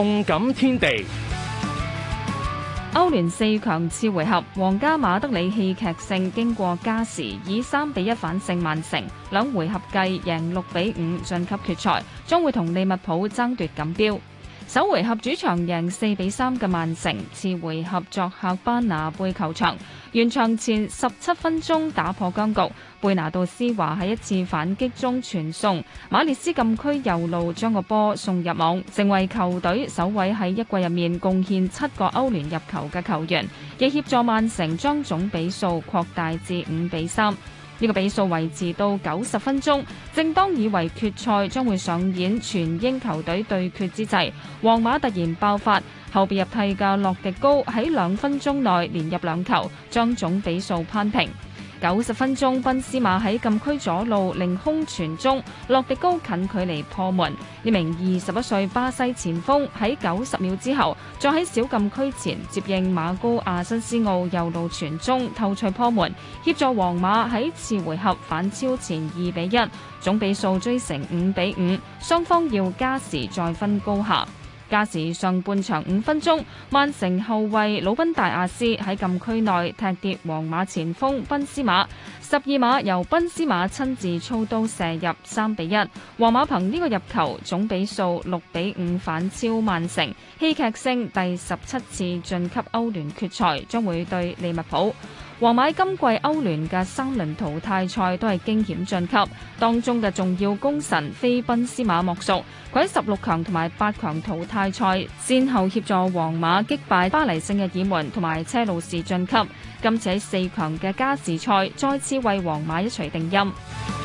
動感天地，歐聯四強次回合，皇家馬德里戲劇性經過加時，以三比一反勝曼城，兩回合計贏六比五晉級決賽，將會同利物浦爭奪錦標。首回合主場贏四比三嘅曼城，次回合作客班拿貝球場，完場前十七分鐘打破僵局。貝拿度斯華喺一次反擊中傳送馬列斯禁區右路，將個波送入網，成為球隊首位喺一季入面貢獻七個歐聯入球嘅球員，亦協助曼城將總比數擴大至五比三。呢個比數維持到九十分鐘，正當以為決賽將會上演全英球隊對決之際，皇馬突然爆發，後備入替嘅洛迪高喺兩分鐘內連入兩球，將總比數扳平。九十分鐘，賓斯馬喺禁區左路凌空傳中，洛迪高近距離破門。呢名二十一歲巴西前鋒喺九十秒之後，再喺小禁區前接應馬高亞辛斯奧右路傳中，透射破門，協助皇馬喺次回合反超前二比一，總比數追成五比五，雙方要加時再分高下。加時上半場五分鐘，曼城後衛魯賓戴亞斯喺禁區內踢跌皇馬前鋒賓施馬，十二碼由賓施馬親自操刀射入三比一，皇馬憑呢個入球總比數六比五反超曼城，戲劇性第十七次晉級歐聯決賽，將會對利物浦。皇馬今季歐聯嘅三輪淘汰賽都係驚險晉級，當中嘅重要功臣非賓施馬莫屬。佢喺十六強同埋八強淘汰賽先後協助皇馬擊敗巴黎聖日耳門同埋車路士晉級，今次喺四強嘅加時賽再次為皇馬一錘定音。